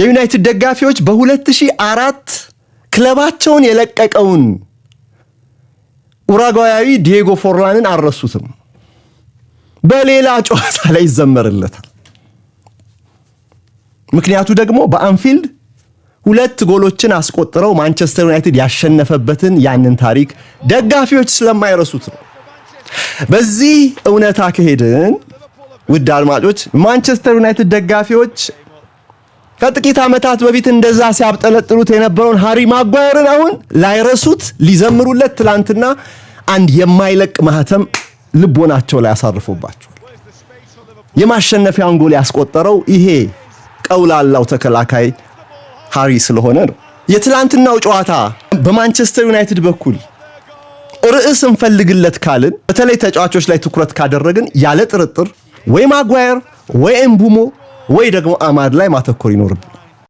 የዩናይትድ ደጋፊዎች በ2004 ክለባቸውን የለቀቀውን ኡራጓያዊ ዲየጎ ፎርላንን አልረሱትም። በሌላ ጨዋታ ላይ ይዘመርለታል። ምክንያቱ ደግሞ በአንፊልድ ሁለት ጎሎችን አስቆጥረው ማንቸስተር ዩናይትድ ያሸነፈበትን ያንን ታሪክ ደጋፊዎች ስለማይረሱት ነው። በዚህ እውነታ ከሄድን ውድ አድማጮች ማንቸስተር ዩናይትድ ደጋፊዎች ከጥቂት ዓመታት በፊት እንደዛ ሲያብጠለጥሉት የነበረውን ሃሪ ማጓየርን አሁን ላይረሱት ሊዘምሩለት ትላንትና አንድ የማይለቅ ማህተም ልቦናቸው ላይ አሳርፎባቸዋል። የማሸነፊያውን ጎል ያስቆጠረው ይሄ ቀውላላው ተከላካይ ሃሪ ስለሆነ ነው። የትላንትናው ጨዋታ በማንቸስተር ዩናይትድ በኩል ርዕስ እንፈልግለት ካልን በተለይ ተጫዋቾች ላይ ትኩረት ካደረግን ያለ ጥርጥር ወይ ማጓየር ወይ ኤምቡሞ ወይ ደግሞ አማድ ላይ ማተኮር ይኖርብናል።